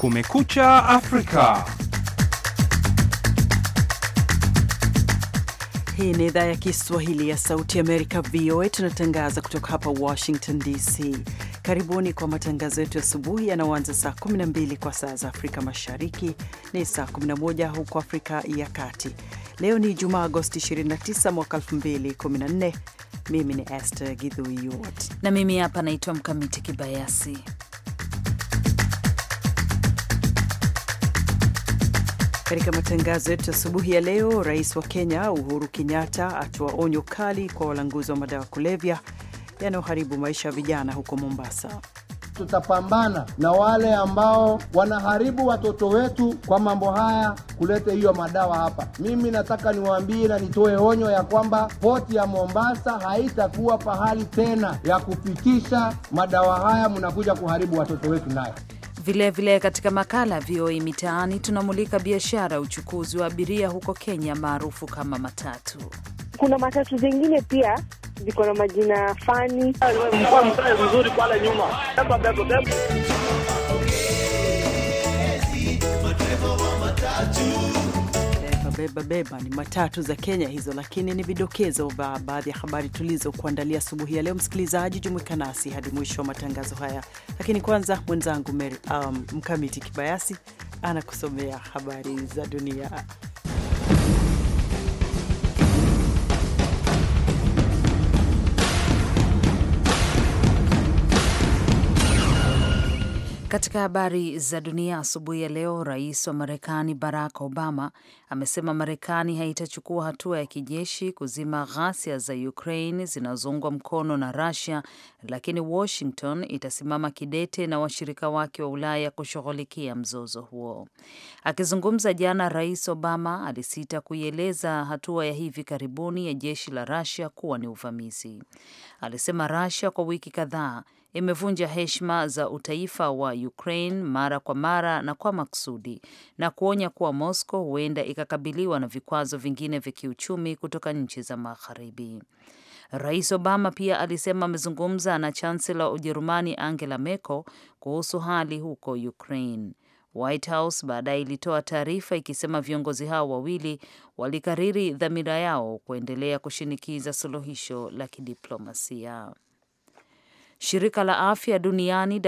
Kumekucha Afrika. Hii ni idhaa ya Kiswahili ya Sauti Amerika, VOA. Tunatangaza kutoka hapa Washington DC. Karibuni kwa matangazo yetu ya asubuhi yanayoanza saa 12 kwa saa za Afrika Mashariki, ni saa 11 huko Afrika ya Kati. Leo ni Jumaa, Agosti 29 mwaka 2014. Mimi ni Esther Gidhuiyot na mimi hapa naitwa Mkamiti Kibayasi Katika matangazo yetu asubuhi ya leo, rais wa Kenya Uhuru Kenyatta atoa onyo kali kwa walanguzi wa madawa kulevya yanayoharibu maisha ya vijana huko Mombasa. Tutapambana na wale ambao wanaharibu watoto wetu kwa mambo haya, kulete hiyo madawa hapa. Mimi nataka niwaambie na nitoe onyo ya kwamba poti ya Mombasa haitakuwa pahali tena ya kupitisha madawa haya, mnakuja kuharibu watoto wetu nayo. Vilevile vile katika makala ya VOA Mitaani tunamulika biashara ya uchukuzi wa abiria huko Kenya maarufu kama matatu. Kuna matatu zingine pia ziko na majina fani mzuri pale nyuma. beba beba ni matatu za Kenya hizo, lakini ni vidokezo vya baadhi ya habari tulizokuandalia asubuhi ya leo. Msikilizaji, jumuika nasi hadi mwisho wa matangazo haya, lakini kwanza mwenzangu Mary um, Mkamiti Kibayasi anakusomea habari za dunia. Katika habari za dunia asubuhi ya leo, rais wa Marekani Barack Obama amesema Marekani haitachukua hatua ya kijeshi kuzima ghasia za Ukraine zinazoungwa mkono na Russia, lakini Washington itasimama kidete na washirika wake wa Ulaya kushughulikia mzozo huo. Akizungumza jana, rais Obama alisita kuieleza hatua ya hivi karibuni ya jeshi la Russia kuwa ni uvamizi. Alisema Russia kwa wiki kadhaa imevunja heshima za utaifa wa Ukraine mara kwa mara na kwa makusudi na kuonya kuwa Moscow huenda ikakabiliwa na vikwazo vingine vya kiuchumi kutoka nchi za Magharibi. Rais Obama pia alisema amezungumza na chansela wa Ujerumani Angela Merkel kuhusu hali huko Ukraine. White House baadaye ilitoa taarifa ikisema viongozi hao wawili walikariri dhamira yao kuendelea kushinikiza suluhisho la kidiplomasia. Shirika la afya duniani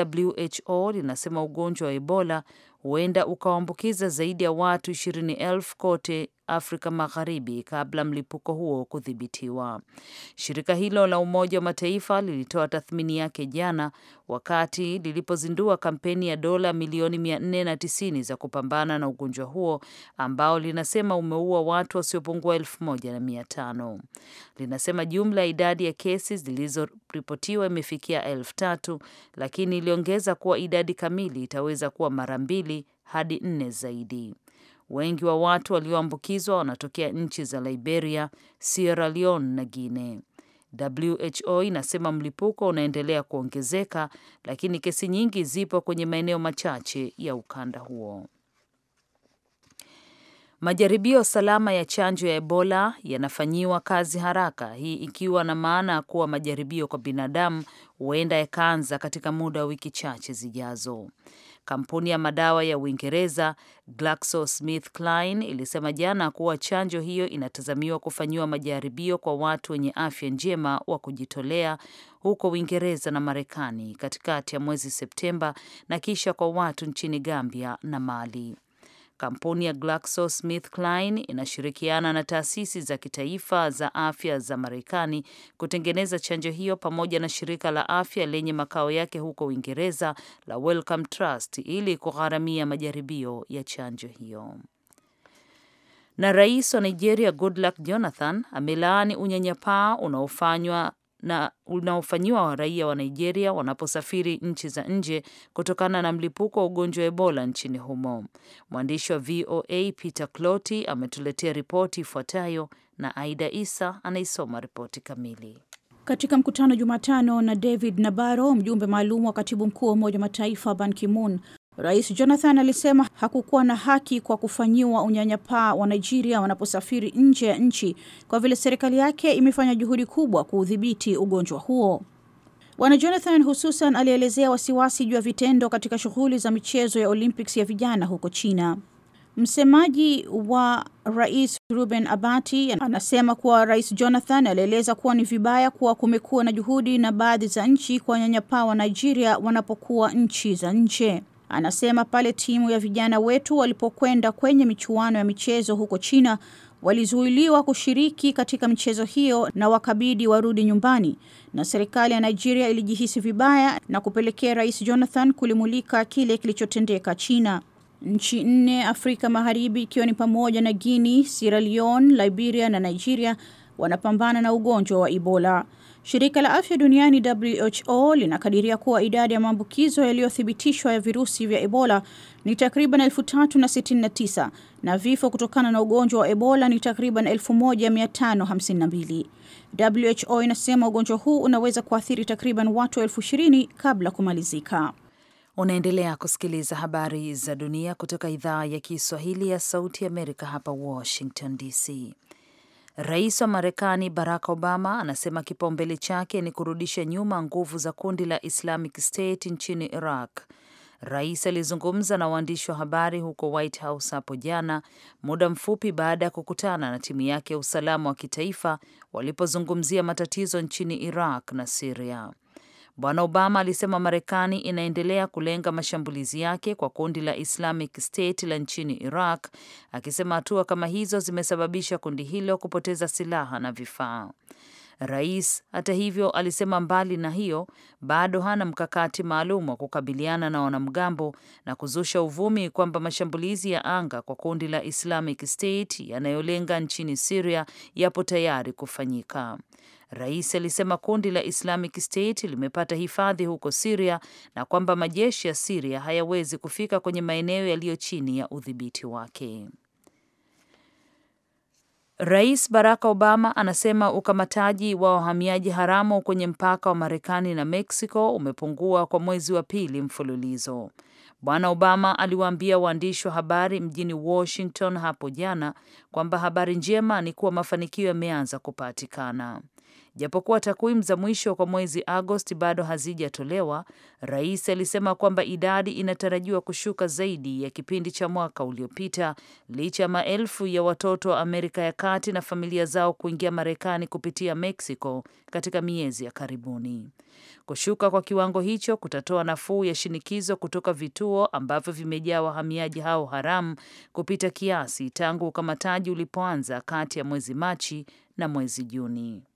WHO linasema ugonjwa wa Ebola huenda ukawaambukiza zaidi ya watu ishirini elfu kote Afrika Magharibi kabla mlipuko huo kudhibitiwa. Shirika hilo la Umoja wa Mataifa lilitoa tathmini yake jana wakati lilipozindua kampeni ya dola milioni 490 za kupambana na ugonjwa huo ambao linasema umeua watu wasiopungua 1500. Linasema jumla ya idadi ya kesi zilizoripotiwa imefikia elfu lakini iliongeza kuwa idadi kamili itaweza kuwa mara mbili mbili hadi nne zaidi. Wengi wa watu walioambukizwa wanatokea nchi za Liberia, Sierra Leone na Guinea. WHO inasema mlipuko unaendelea kuongezeka, lakini kesi nyingi zipo kwenye maeneo machache ya ukanda huo. Majaribio salama ya chanjo ya Ebola yanafanyiwa kazi haraka, hii ikiwa na maana ya kuwa majaribio kwa binadamu huenda yakaanza katika muda wa wiki chache zijazo. Kampuni ya madawa ya Uingereza GlaxoSmithKline ilisema jana kuwa chanjo hiyo inatazamiwa kufanyiwa majaribio kwa watu wenye afya njema wa kujitolea huko Uingereza na Marekani katikati ya mwezi Septemba na kisha kwa watu nchini Gambia na Mali. Kampuni ya GlaxoSmithKline inashirikiana na taasisi za kitaifa za afya za Marekani kutengeneza chanjo hiyo pamoja na shirika la afya lenye makao yake huko Uingereza la Wellcome Trust ili kugharamia majaribio ya chanjo hiyo. Na rais wa Nigeria Goodluck Jonathan amelaani unyanyapaa unaofanywa na unaofanyiwa wa raia wa Nigeria wanaposafiri nchi za nje kutokana na mlipuko wa ugonjwa wa Ebola nchini humo. Mwandishi wa VOA Peter Cloti ametuletea ripoti ifuatayo na Aida Isa anaisoma ripoti kamili. Katika mkutano Jumatano na David Nabaro, mjumbe maalum wa katibu mkuu wa Umoja wa Mataifa Ban Ki-moon, Rais Jonathan alisema hakukuwa na haki kwa kufanyiwa unyanyapaa wa Nigeria wanaposafiri nje ya nchi kwa vile serikali yake imefanya juhudi kubwa kuudhibiti ugonjwa huo. Bwana Jonathan hususan alielezea wasiwasi juu ya vitendo katika shughuli za michezo ya Olympics ya vijana huko China. Msemaji wa rais Ruben Abati anasema kuwa rais Jonathan alieleza kuwa ni vibaya kuwa kumekuwa na juhudi na baadhi za nchi kwa nyanyapaa wa Nigeria wanapokuwa nchi za nje. Anasema pale timu ya vijana wetu walipokwenda kwenye michuano ya michezo huko China walizuiliwa kushiriki katika michezo hiyo na wakabidi warudi nyumbani, na serikali ya Nigeria ilijihisi vibaya na kupelekea Rais Jonathan kulimulika kile kilichotendeka China. Nchi nne Afrika Magharibi ikiwa ni pamoja na Guinea, Sierra Leone, Liberia na Nigeria wanapambana na ugonjwa wa Ebola. Shirika la Afya Duniani WHO linakadiria kuwa idadi ya maambukizo yaliyothibitishwa ya virusi vya Ebola ni takriban 3069 na vifo kutokana na ugonjwa wa Ebola ni takriban 1552. WHO inasema ugonjwa huu unaweza kuathiri takriban watu elfu ishirini kabla kumalizika. Unaendelea kusikiliza habari za dunia kutoka idhaa ya Kiswahili ya Sauti ya Amerika hapa Washington DC. Rais wa Marekani Barack Obama anasema kipaumbele chake ni kurudisha nyuma nguvu za kundi la Islamic State nchini Iraq. Rais alizungumza na waandishi wa habari huko White House hapo jana, muda mfupi baada ya kukutana na timu yake ya usalama wa kitaifa walipozungumzia matatizo nchini Iraq na Siria. Bwana Obama alisema Marekani inaendelea kulenga mashambulizi yake kwa kundi la Islamic State la nchini Iraq, akisema hatua kama hizo zimesababisha kundi hilo kupoteza silaha na vifaa. Rais hata hivyo alisema mbali na hiyo, bado hana mkakati maalum wa kukabiliana na wanamgambo na kuzusha uvumi kwamba mashambulizi ya anga kwa kundi la Islamic State yanayolenga nchini siria yapo tayari kufanyika. Rais alisema kundi la Islamic State limepata hifadhi huko Siria na kwamba majeshi ya Siria hayawezi kufika kwenye maeneo yaliyo chini ya udhibiti wake. Rais Barack Obama anasema ukamataji wa wahamiaji haramu kwenye mpaka wa Marekani na mexico umepungua kwa mwezi wa pili mfululizo. Bwana Obama aliwaambia waandishi wa habari mjini Washington hapo jana kwamba habari njema ni kuwa mafanikio yameanza kupatikana. Japokuwa takwimu za mwisho kwa mwezi Agosti bado hazijatolewa, rais alisema kwamba idadi inatarajiwa kushuka zaidi ya kipindi cha mwaka uliopita, licha ya maelfu ya watoto wa Amerika ya Kati na familia zao kuingia Marekani kupitia Mexico katika miezi ya karibuni. Kushuka kwa kiwango hicho kutatoa nafuu ya shinikizo kutoka vituo ambavyo vimejaa wahamiaji hao haramu kupita kiasi tangu ukamataji ulipoanza kati ya mwezi Machi na mwezi Juni.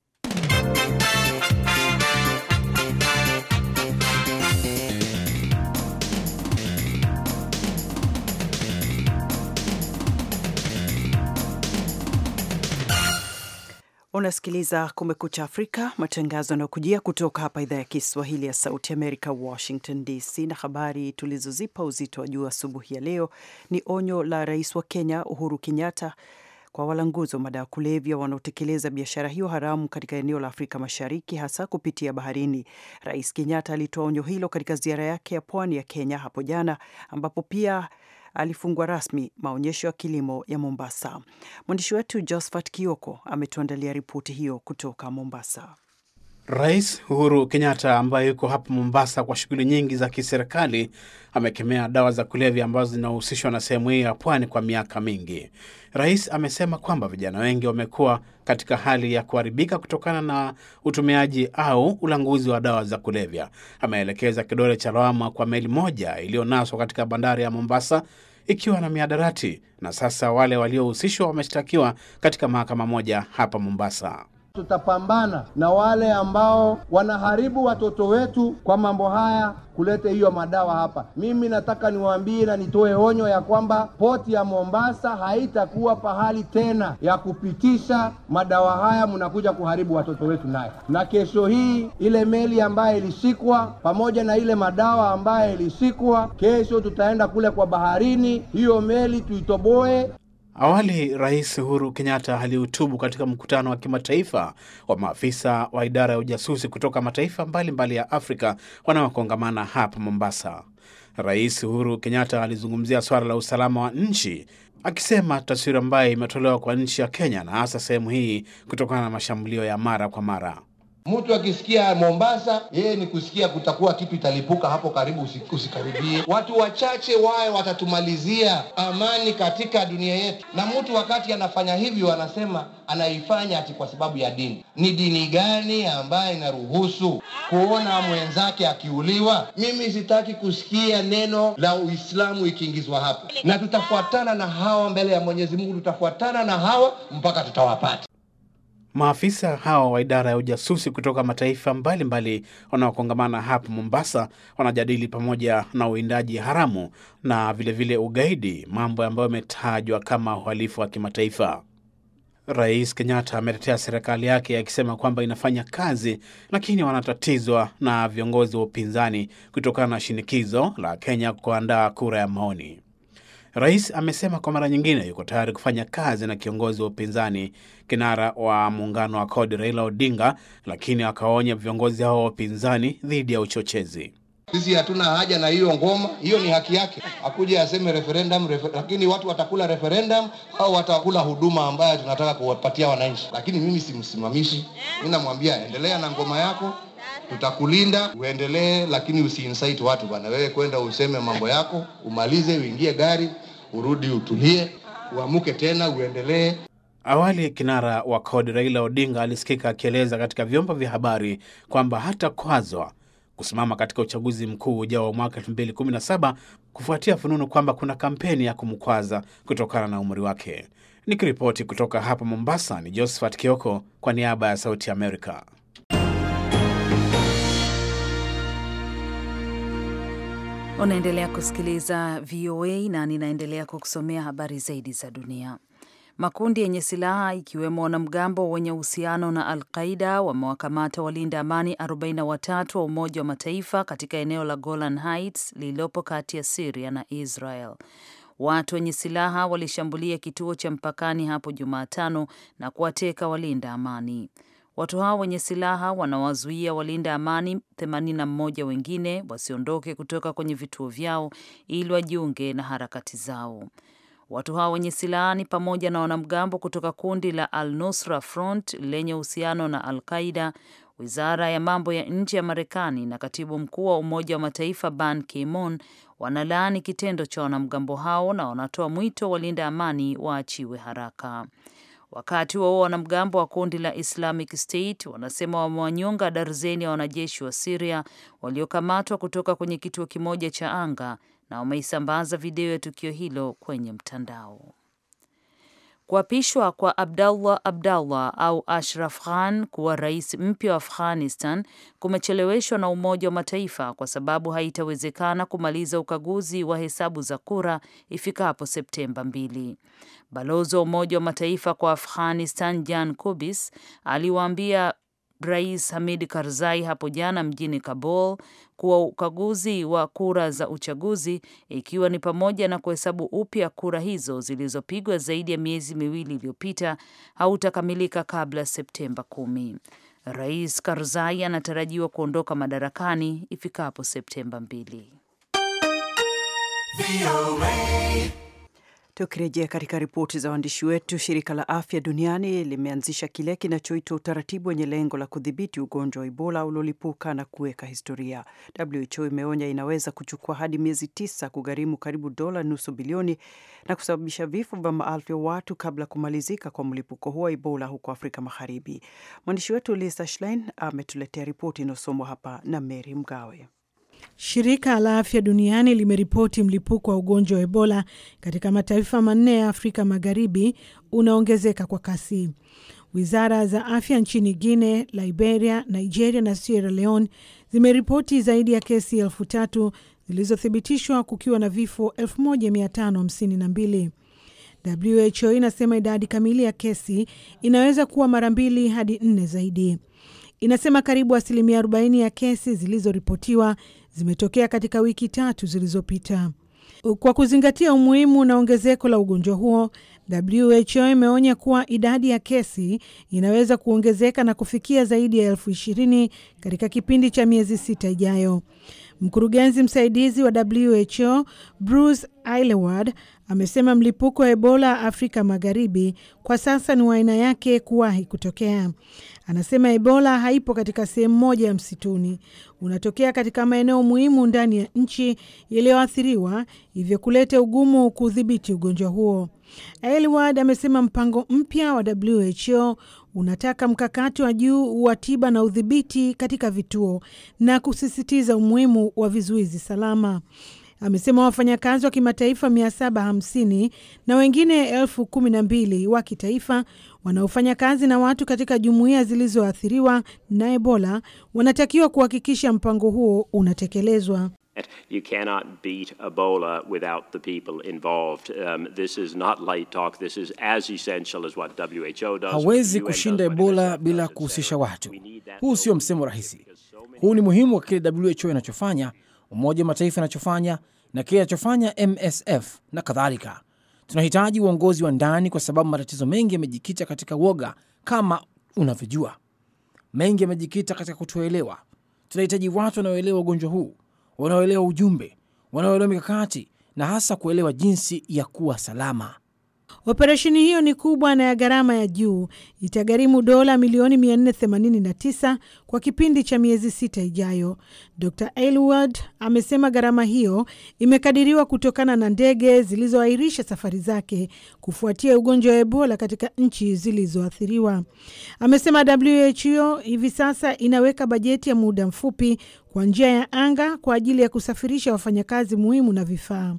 Unasikiliza Kumekucha Afrika, matangazo yanayokujia kutoka hapa idhaa ya Kiswahili ya Sauti Amerika, Washington DC. Na habari tulizozipa uzito wa juu asubuhi ya leo ni onyo la rais wa Kenya Uhuru Kenyatta kwa walanguzi wa madawa kulevya wanaotekeleza biashara hiyo haramu katika eneo la Afrika Mashariki, hasa kupitia baharini. Rais Kenyatta alitoa onyo hilo katika ziara yake ya pwani ya Kenya hapo jana, ambapo pia alifungwa rasmi maonyesho ya kilimo ya Mombasa. Mwandishi wetu Josphat Kioko ametuandalia ripoti hiyo kutoka Mombasa. Rais Uhuru Kenyatta ambaye yuko hapa Mombasa kwa shughuli nyingi za kiserikali amekemea dawa za kulevya ambazo zinahusishwa na sehemu hii ya pwani kwa miaka mingi. Rais amesema kwamba vijana wengi wamekuwa katika hali ya kuharibika kutokana na utumiaji au ulanguzi wa dawa za kulevya. Ameelekeza kidole cha lawama kwa meli moja iliyonaswa katika bandari ya Mombasa ikiwa na miadarati, na sasa wale waliohusishwa wameshtakiwa katika mahakama moja hapa Mombasa. Tutapambana na wale ambao wanaharibu watoto wetu kwa mambo haya, kulete hiyo madawa hapa. Mimi nataka niwaambie na nitoe onyo ya kwamba poti ya Mombasa haitakuwa pahali tena ya kupitisha madawa haya, mnakuja kuharibu watoto wetu naye Na kesho hii ile meli ambayo ilishikwa pamoja na ile madawa ambayo ilishikwa, kesho tutaenda kule kwa baharini, hiyo meli tuitoboe, Awali Rais Uhuru Kenyatta alihutubu katika mkutano wa kimataifa wa maafisa wa idara ya ujasusi kutoka mataifa mbalimbali mbali ya Afrika wanaokongamana hapa Mombasa. Rais Uhuru Kenyatta alizungumzia swala la usalama wa nchi akisema taswira ambayo imetolewa kwa nchi ya Kenya na hasa sehemu hii kutokana na mashambulio ya mara kwa mara. Mtu akisikia Mombasa, yeye ni kusikia kutakuwa kitu italipuka hapo karibu, usikaribie. Watu wachache waye watatumalizia amani katika dunia yetu. Na mtu wakati anafanya hivyo, anasema anaifanya ati kwa sababu ya dini. Ni dini gani ambayo inaruhusu kuona mwenzake akiuliwa? Mimi sitaki kusikia neno la Uislamu ikiingizwa hapo na tutafuatana na hawa mbele ya Mwenyezi Mungu, tutafuatana na hawa mpaka tutawapata. Maafisa hao wa idara ya ujasusi kutoka mataifa mbalimbali wanaokongamana hapa Mombasa wanajadili pamoja na uwindaji haramu na vilevile vile ugaidi, mambo ambayo yametajwa kama uhalifu wa kimataifa. Rais Kenyatta ametetea serikali yake akisema kwamba inafanya kazi, lakini wanatatizwa na viongozi wa upinzani kutokana na shinikizo la Kenya kuandaa kura ya maoni. Rais amesema kwa mara nyingine yuko tayari kufanya kazi na kiongozi wa upinzani, kinara wa muungano wa CORD Raila Odinga, lakini akaonya viongozi hao wa upinzani dhidi ya uchochezi. Sisi hatuna haja na hiyo ngoma, hiyo ni haki yake, akuje aseme referendum, refer, lakini watu watakula referendum au watakula huduma ambayo tunataka kuwapatia wananchi. Lakini mimi simsimamishi, mimi namwambia endelea na ngoma yako, tutakulinda uendelee, lakini usiincite watu bwana. Wewe kwenda useme mambo yako, umalize, uingie gari, urudi, utulie, uamuke tena, uendelee. Awali kinara wa CORD Raila Odinga alisikika akieleza katika vyombo vya habari kwamba hata kwazwa kusimama katika uchaguzi mkuu ujao wa mwaka 2017 kufuatia fununu kwamba kuna kampeni ya kumkwaza kutokana na umri wake. Nikiripoti kutoka hapa Mombasa ni Josephat Kioko kwa niaba ya Sauti Amerika. Unaendelea kusikiliza VOA na ninaendelea kukusomea habari zaidi za dunia. Makundi yenye silaha ikiwemo wanamgambo wenye uhusiano na Al Qaida wamewakamata walinda amani 43 wa Umoja wa Mataifa katika eneo la Golan Heights lililopo kati ya Siria na Israel. Watu wenye silaha walishambulia kituo cha mpakani hapo Jumatano na kuwateka walinda amani. Watu hao wenye silaha wanawazuia walinda amani 81 wengine wasiondoke kutoka kwenye vituo vyao ili wajiunge na harakati zao. Watu hao wenye silaha ni pamoja na wanamgambo kutoka kundi la Al-Nusra Front lenye uhusiano na Al-Qaida. Wizara ya mambo ya nje ya Marekani na katibu mkuu wa Umoja wa Mataifa Ban Ki-moon wanalaani kitendo cha wanamgambo hao na wanatoa mwito walinda amani waachiwe haraka. Wakati huo wanamgambo wa kundi la Islamic State wanasema wamewanyonga darzeni ya wanajeshi wa Siria waliokamatwa kutoka kwenye kituo kimoja cha anga na wameisambaza video ya tukio hilo kwenye mtandao. Kuapishwa kwa Abdallah Abdallah au Ashraf Khan kuwa rais mpya wa Afghanistan kumecheleweshwa na Umoja wa Mataifa kwa sababu haitawezekana kumaliza ukaguzi wa hesabu za kura ifikapo Septemba mbili. Balozi wa Umoja wa Mataifa kwa Afghanistan Jan Kubis aliwaambia Rais Hamid Karzai hapo jana mjini Kabul kuwa ukaguzi wa kura za uchaguzi ikiwa ni pamoja na kuhesabu upya kura hizo zilizopigwa zaidi ya miezi miwili iliyopita hautakamilika kabla Septemba kumi. Rais Karzai anatarajiwa kuondoka madarakani ifikapo Septemba mbili. Tukirejea katika ripoti za waandishi wetu, shirika la afya duniani limeanzisha kile kinachoitwa utaratibu wenye lengo la kudhibiti ugonjwa wa Ebola uliolipuka na kuweka historia. WHO imeonya inaweza kuchukua hadi miezi tisa kugharimu karibu dola nusu bilioni na kusababisha vifo vya maelfu ya watu kabla ya kumalizika kwa mlipuko huo wa Ebola huko Afrika Magharibi. Mwandishi wetu Lisa Schlein ametuletea ripoti inayosomwa hapa na Mary Mgawe. Shirika la Afya Duniani limeripoti mlipuko wa ugonjwa wa Ebola katika mataifa manne ya Afrika Magharibi unaongezeka kwa kasi. Wizara za afya nchini guine Liberia, Nigeria na Sierra Leone zimeripoti zaidi ya kesi elfu tatu zilizothibitishwa kukiwa na vifo 1552. WHO inasema idadi kamili ya kesi inaweza kuwa mara mbili hadi nne zaidi. Inasema karibu asilimia 40 ya kesi zilizoripotiwa zimetokea katika wiki tatu zilizopita. Kwa kuzingatia umuhimu na ongezeko la ugonjwa huo, WHO imeonya kuwa idadi ya kesi inaweza kuongezeka na kufikia zaidi ya elfu ishirini katika kipindi cha miezi sita ijayo. Mkurugenzi msaidizi wa WHO Bruce Aylward amesema mlipuko wa Ebola Afrika Magharibi kwa sasa ni wa aina yake kuwahi kutokea. Anasema Ebola haipo katika sehemu moja ya msituni, unatokea katika maeneo muhimu ndani ya nchi yaliyoathiriwa, hivyo kuleta ugumu kuudhibiti ugonjwa huo. Elward amesema mpango mpya wa WHO unataka mkakati wa juu wa tiba na udhibiti katika vituo na kusisitiza umuhimu wa vizuizi salama amesema wafanyakazi wa kimataifa 750 na wengine 12 wa kitaifa wanaofanya kazi na watu katika jumuiya zilizoathiriwa na Ebola wanatakiwa kuhakikisha mpango huo unatekelezwa. You cannot beat Ebola without the people involved. Um, this is not light talk. This is as essential as what WHO does. Hawezi kushinda Ebola bila kuhusisha watu. Huu sio msemo rahisi. Huu ni muhimu kwa kile WHO inachofanya Umoja wa Mataifa inachofanya na kile inachofanya MSF na kadhalika. Tunahitaji uongozi wa ndani, kwa sababu matatizo mengi yamejikita katika woga, kama unavyojua, mengi yamejikita katika kutoelewa. Tunahitaji watu wanaoelewa ugonjwa huu, wanaoelewa ujumbe, wanaoelewa mikakati na hasa kuelewa jinsi ya kuwa salama. Operesheni hiyo ni kubwa na ya gharama ya juu, itagharimu dola milioni 489 kwa kipindi cha miezi sita ijayo. Dr Aylward amesema gharama hiyo imekadiriwa kutokana na ndege zilizoahirisha safari zake kufuatia ugonjwa wa Ebola katika nchi zilizoathiriwa. Amesema WHO hivi sasa inaweka bajeti ya muda mfupi kwa njia ya anga kwa ajili ya kusafirisha wafanyakazi muhimu na vifaa.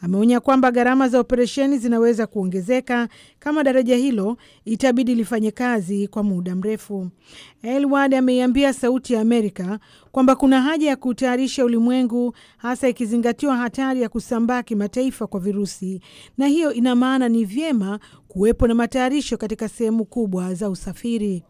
Ameonya kwamba gharama za operesheni zinaweza kuongezeka kama daraja hilo itabidi lifanye kazi kwa muda mrefu. Elward ameiambia Sauti ya Amerika kwamba kuna haja ya kutayarisha ulimwengu, hasa ikizingatiwa hatari ya kusambaa kimataifa kwa virusi, na hiyo ina maana ni vyema kuwepo na matayarisho katika sehemu kubwa za usafiri.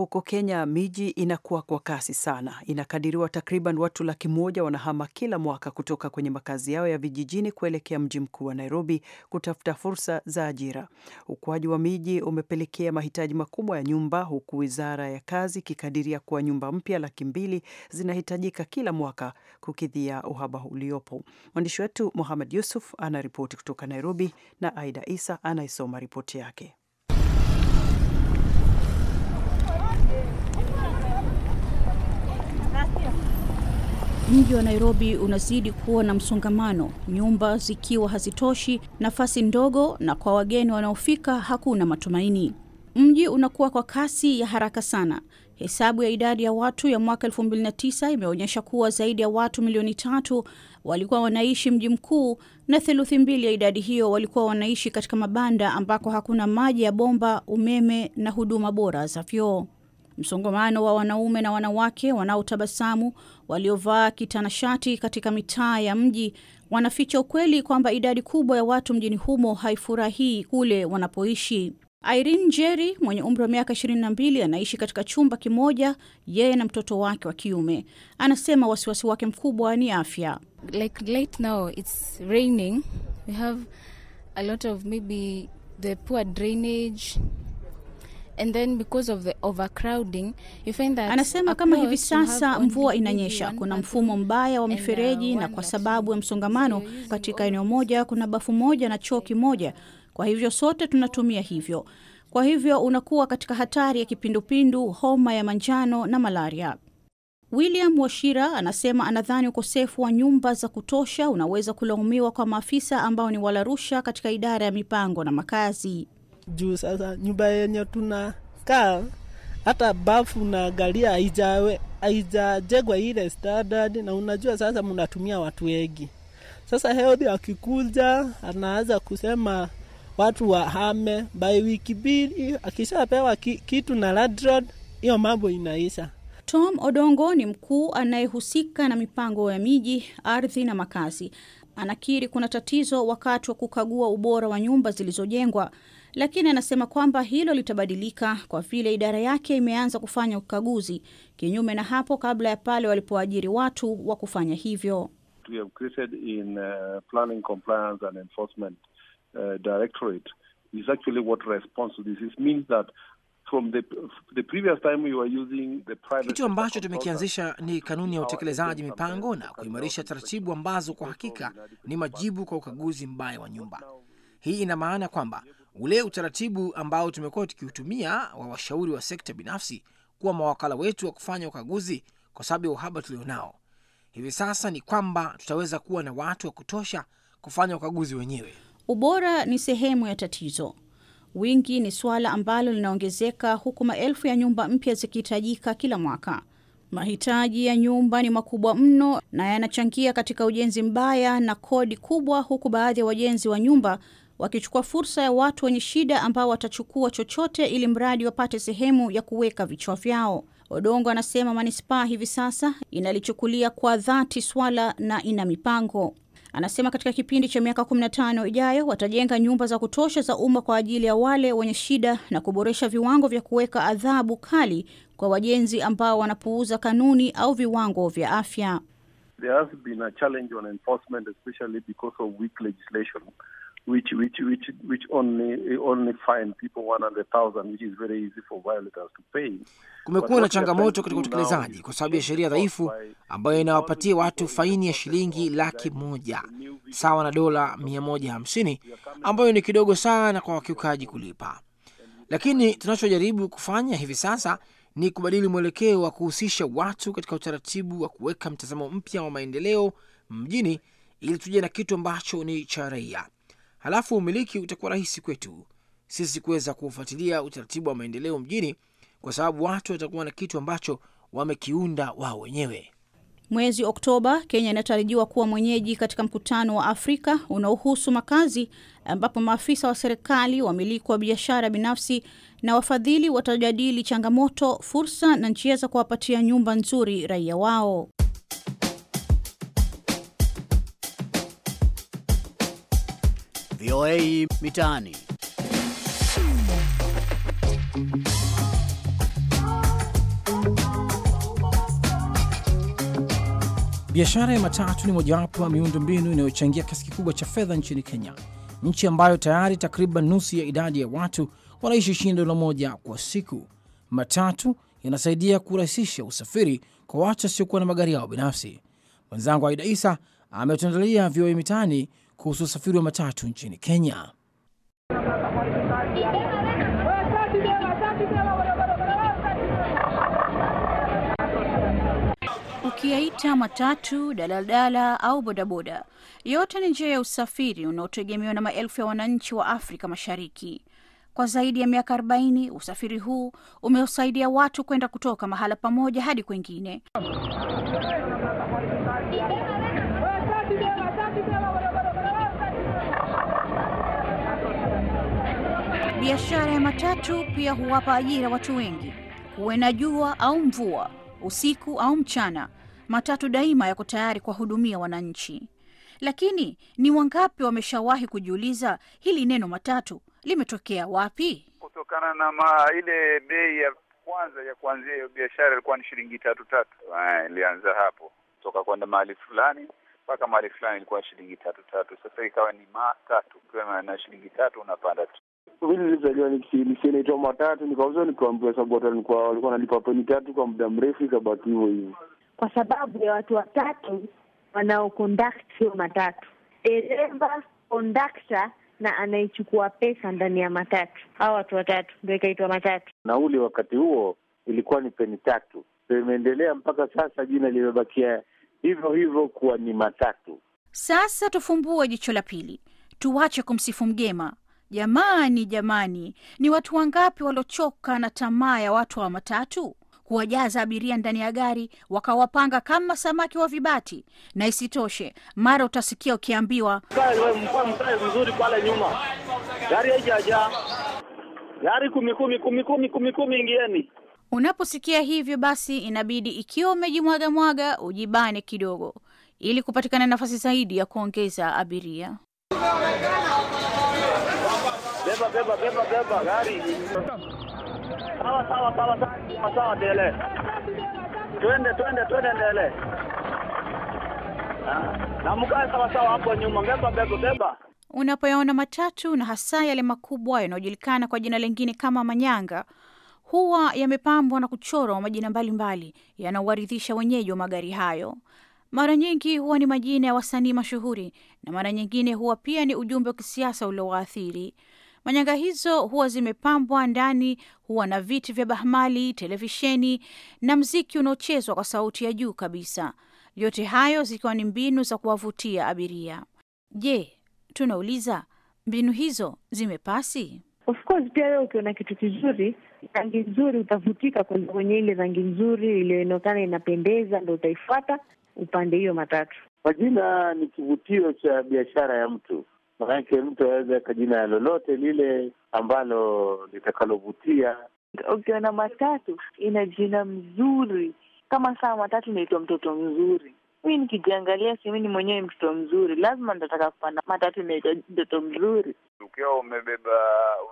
Huko Kenya miji inakuwa kwa kasi sana. Inakadiriwa takriban watu laki moja wanahama kila mwaka kutoka kwenye makazi yao ya vijijini kuelekea mji mkuu wa Nairobi kutafuta fursa za ajira. Ukuaji wa miji umepelekea mahitaji makubwa ya nyumba, huku wizara ya kazi ikikadiria kuwa nyumba mpya laki mbili zinahitajika kila mwaka kukidhia uhaba uliopo. Mwandishi wetu muhamed Yusuf anaripoti kutoka Nairobi na Aida Isa anaisoma ripoti yake. Mji wa Nairobi unazidi kuwa na msongamano, nyumba zikiwa hazitoshi, nafasi ndogo, na kwa wageni wanaofika hakuna matumaini. Mji unakuwa kwa kasi ya haraka sana. Hesabu ya idadi ya watu ya mwaka 2009 imeonyesha kuwa zaidi ya watu milioni tatu walikuwa wanaishi mji mkuu, na theluthi mbili ya idadi hiyo walikuwa wanaishi katika mabanda ambako hakuna maji ya bomba, umeme na huduma bora za vyoo. Msongamano wa wanaume na wanawake wanaotabasamu waliovaa kitanashati katika mitaa ya mji wanaficha ukweli kwamba idadi kubwa ya watu mjini humo haifurahii kule wanapoishi. Irene jeri mwenye umri wa miaka 22 anaishi katika chumba kimoja yeye na mtoto wake wa kiume. Anasema wasiwasi wake mkubwa ni afya. Like late now it's raining. We have a lot of maybe the poor drainage And then because of the overcrowding, you find that anasema kama hivi sasa mvua inanyesha, kuna mfumo mbaya wa uh, mifereji, na kwa sababu ya msongamano katika eneo moja kuna bafu moja na choo kimoja, kwa hivyo sote tunatumia hivyo. Kwa hivyo unakuwa katika hatari ya kipindupindu, homa ya manjano na malaria. William Washira anasema anadhani ukosefu wa nyumba za kutosha unaweza kulaumiwa kwa maafisa ambao ni walarusha katika idara ya mipango na makazi juu sasa nyumba yenye tunakaa hata bafu na galia aijajegwa ile standard, na unajua sasa mnatumia watu wengi. Sasa health akikuja anaanza kusema watu wahame by wiki mbili, akishapewa ki, kitu na ladrod hiyo mambo inaisha. Tom Odongo ni mkuu anayehusika na mipango ya miji, ardhi na makazi. Anakiri kuna tatizo wakati wa kukagua ubora wa nyumba zilizojengwa lakini anasema kwamba hilo litabadilika kwa vile idara yake imeanza kufanya ukaguzi kinyume na hapo kabla ya pale walipoajiri watu wa kufanya hivyo. We have created in uh, planning compliance and enforcement uh, directorate is actually what to this. It means that Kitu ambacho tumekianzisha ni kanuni ya utekelezaji mipango na kuimarisha taratibu ambazo kwa hakika ni majibu kwa ukaguzi mbaya wa nyumba. Hii ina maana kwamba ule utaratibu ambao tumekuwa tukiutumia wa washauri wa sekta binafsi kuwa mawakala wetu wa kufanya ukaguzi kwa sababu ya uhaba tulionao hivi sasa ni kwamba tutaweza kuwa na watu wa kutosha kufanya ukaguzi wenyewe. Ubora ni sehemu ya tatizo. Wingi ni swala ambalo linaongezeka huku maelfu ya nyumba mpya zikihitajika kila mwaka. Mahitaji ya nyumba ni makubwa mno na yanachangia katika ujenzi mbaya na kodi kubwa, huku baadhi ya wajenzi wa nyumba wakichukua fursa ya watu wenye shida ambao watachukua chochote ili mradi wapate sehemu ya kuweka vichwa vyao. Odongo anasema manispaa hivi sasa inalichukulia kwa dhati swala na ina mipango. Anasema katika kipindi cha miaka 15 ijayo watajenga nyumba za kutosha za umma kwa ajili ya wale wenye shida na kuboresha viwango vya kuweka adhabu kali kwa wajenzi ambao wanapuuza kanuni au viwango vya afya. There has been a challenge on enforcement especially because of weak legislation which which which which only only fine people 100,000 which is very easy for violators to pay. Kumekuwa na changamoto katika utekelezaji kwa sababu ya sheria dhaifu ambayo inawapatia watu faini ya shilingi laki moja sawa na dola 150 ambayo ni kidogo sana kwa wakiukaji kulipa. Lakini tunachojaribu kufanya hivi sasa ni kubadili mwelekeo wa kuhusisha watu katika utaratibu wa kuweka mtazamo mpya wa maendeleo mjini ili tuje na kitu ambacho ni cha raia halafu umiliki utakuwa rahisi kwetu sisi kuweza kuufuatilia utaratibu wa maendeleo mjini, kwa sababu watu watakuwa na kitu ambacho wamekiunda wao wenyewe. Mwezi Oktoba, Kenya inatarajiwa kuwa mwenyeji katika mkutano wa Afrika unaohusu makazi, ambapo maafisa wa serikali, wamiliki wa biashara binafsi na wafadhili watajadili changamoto, fursa na njia za kuwapatia nyumba nzuri raia wao. VOA Mitaani. Biashara ya matatu ni mojawapo ya miundo mbinu inayochangia kiasi kikubwa cha fedha nchini Kenya, nchi ambayo tayari takriban nusu ya idadi ya watu wanaishi chini dola moja kwa siku. Matatu yanasaidia kurahisisha usafiri kwa watu wasiokuwa na magari yao binafsi. Mwenzangu Aida Isa ametuandalia VOA Mitaani kuhusu usafiri wa matatu nchini Kenya. Ukiyaita matatu, daladala au bodaboda, yote ni njia ya usafiri unaotegemewa na maelfu ya wananchi wa Afrika Mashariki. Kwa zaidi ya miaka 40 usafiri huu umewasaidia watu kwenda kutoka mahala pamoja hadi kwengine. Biashara ya matatu pia huwapa ajira watu wengi, kuwe na jua au mvua, usiku au mchana, matatu daima yako tayari kuwahudumia wananchi. Lakini ni wangapi wameshawahi kujiuliza hili neno matatu limetokea wapi? Kutokana na ma ile bei ya kwanza ya kuanzia hiyo biashara ilikuwa ni shilingi tatu tatu. Eh, ilianza hapo toka kwenda mahali fulani mpaka mahali fulani ilikuwa shilingi tatu tatu, sasa ikawa ni matatu. Ukiwa na shilingi tatu unapanda mimi nilizaliwa nikiinaitwa Matatu, nikauzwa nikaambiwa, sababu watu walikuwa wanalipa peni tatu kwa muda mrefu, ikabaki hivyo hivyo kwa sababu ya watu watatu wanaoconduct hiyo matatu, dereva, kondakta na anayechukua pesa ndani ya matatu. Hao watu watatu ndio ikaitwa matatu. Nauli wakati huo ilikuwa ni peni tatu, imeendelea mpaka sasa, jina limebakia hivyo hivyo kuwa ni matatu. Sasa tufumbue jicho la pili, tuwache kumsifu mgema Jamani, jamani, ni watu wangapi waliochoka na tamaa ya watu wa matatu kuwajaza abiria ndani ya gari wakawapanga kama samaki wa vibati. Na isitoshe, mara utasikia ukiambiwa mkae vizuri pale nyuma, gari haijaja gari kumi ingieni. Unaposikia hivyo, basi inabidi ikiwa umejimwaga mwaga ujibane kidogo, ili kupatikana nafasi zaidi ya kuongeza abiria beba, beba, beba, beba gari. Sawa sawa sawa sawa sawa, ndele, twende twende twende, ndele ah, na mkae sawa sawa hapo nyuma, beba beba beba. Unapoyaona matatu na hasa yale makubwa yanayojulikana kwa jina lingine kama manyanga huwa yamepambwa na kuchorwa majina mbalimbali yanaowaridhisha wenyeji wa magari hayo. Mara nyingi huwa ni majina ya wasanii mashuhuri na mara nyingine huwa pia ni ujumbe wa kisiasa uliowaathiri. Manyanga hizo huwa zimepambwa, ndani huwa na viti vya bahmali, televisheni na mziki unaochezwa kwa sauti ya juu kabisa, yote hayo zikiwa ni mbinu za kuwavutia abiria. Je, tunauliza mbinu hizo zimepasi? Of course pia wewe ukiona kitu kizuri, rangi nzuri, utavutika kwenda kwenye ile rangi nzuri iliyoonekana inapendeza, ndo utaifuata upande hiyo matatu. Kwa jina ni kivutio cha biashara ya mtu maanake mtu aweze weka jina lolote lile ambalo litakalovutia. Ukiona matatu ina jina mzuri kama saa matatu inaitwa mtoto mzuri, mi nikijiangalia, si mi mwenyewe mtoto mzuri, lazima nitataka kupanda matatu inaitwa mtoto mzuri. Ukiwa umebeba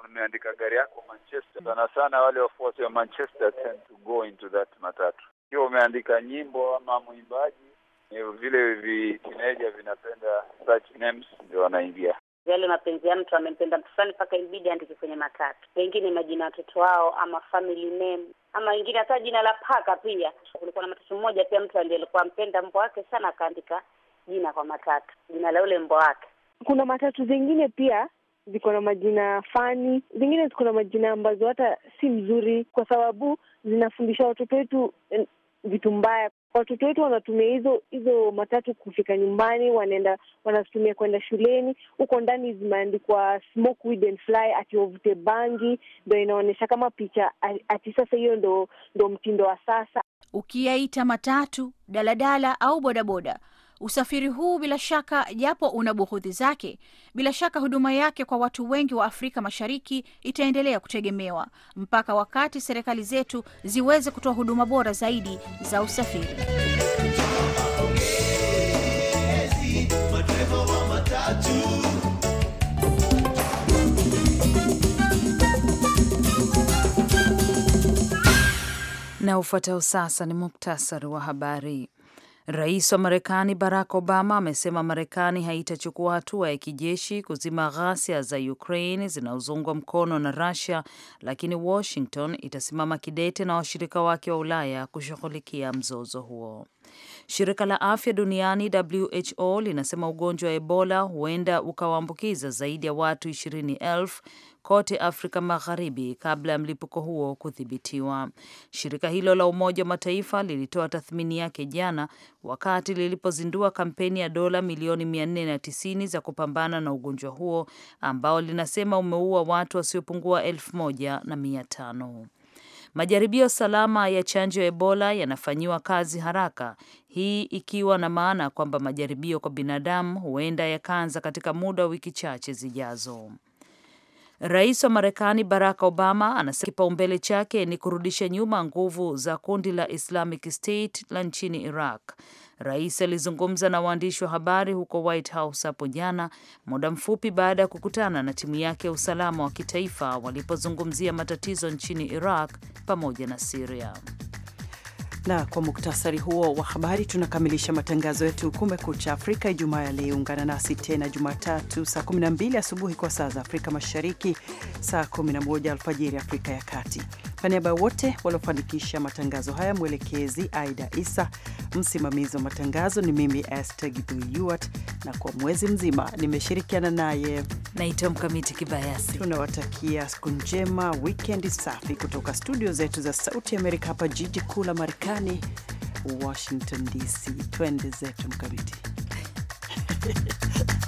umeandika gari yako Manchester, sana sana wale wafuasi wa Manchester tend to go into that matatu. Ukiwa umeandika nyimbo ama mwimbaji ni vile vitineja vinapenda search names, ndio wanaingia yale mapenzi ya mtu amempenda mtu fulani mpaka imbidi andike kwenye matatu, pengine majina ya watoto wao ama family name ama wengine hata jina la paka pia. Kulikuwa na matatu mmoja pia, mtu ndiye alikuwa ampenda mbwa wake sana, akaandika jina kwa matatu, jina la ule mbwa wake. Kuna matatu zingine pia ziko na majina fani, zingine ziko na majina ambazo hata si mzuri, kwa sababu zinafundisha watoto wetu eh, vitu mbaya. Watoto wetu wanatumia hizo hizo matatu kufika nyumbani, wanaenda wanazitumia kwenda shuleni. Huko ndani zimeandikwa smoke weed and fly, ati wavute bangi, ndo inaonyesha kama picha ati sasa hiyo ndo, ndo mtindo wa sasa. Ukiyaita matatu, daladala au bodaboda Usafiri huu bila shaka, japo una bughudhi zake, bila shaka huduma yake kwa watu wengi wa Afrika Mashariki itaendelea kutegemewa mpaka wakati serikali zetu ziweze kutoa huduma bora zaidi za usafiri. Na ufuatao sasa ni muktasari wa habari. Rais wa Marekani Barack Obama amesema Marekani haitachukua hatua ya kijeshi kuzima ghasia za Ukraine zinazoungwa mkono na Russia, lakini Washington itasimama kidete na washirika wake wa Ulaya kushughulikia mzozo huo. Shirika la Afya Duniani WHO linasema ugonjwa wa Ebola huenda ukawaambukiza zaidi ya watu 20,000 kote Afrika Magharibi kabla ya mlipuko huo kudhibitiwa. Shirika hilo la Umoja wa Mataifa lilitoa tathmini yake jana wakati lilipozindua kampeni ya dola milioni 490 za kupambana na ugonjwa huo ambao linasema umeua watu wasiopungua elfu na tano. Majaribio salama ya chanjo ya Ebola yanafanyiwa kazi haraka, hii ikiwa na maana kwamba majaribio kwa binadamu huenda yakaanza katika muda wa wiki chache zijazo. Rais wa Marekani Barack Obama anasema kipaumbele chake ni kurudisha nyuma nguvu za kundi la Islamic State la nchini Iraq. Rais alizungumza na waandishi wa habari huko White House hapo jana, muda mfupi baada ya kukutana na timu yake ya usalama wa kitaifa walipozungumzia matatizo nchini Iraq pamoja na Siria. Na kwa muktasari huo wa habari tunakamilisha matangazo yetu Kumekucha Afrika Ijumaa yaliyoungana nasi tena Jumatatu saa 12 asubuhi kwa saa za Afrika Mashariki, saa 11 alfajiri Afrika ya Kati. Kwa niaba ya wote waliofanikisha matangazo haya, mwelekezi Aida Isa, msimamizi wa matangazo ni mimi Astegidhyuat, na kwa mwezi mzima nimeshirikiana naye naitwa Mkamiti Kibayasi. Tunawatakia siku njema, wikendi safi, kutoka studio zetu za Sauti Amerika hapa jiji kuu la Marekani, Washington DC. Twende zetu Mkamiti.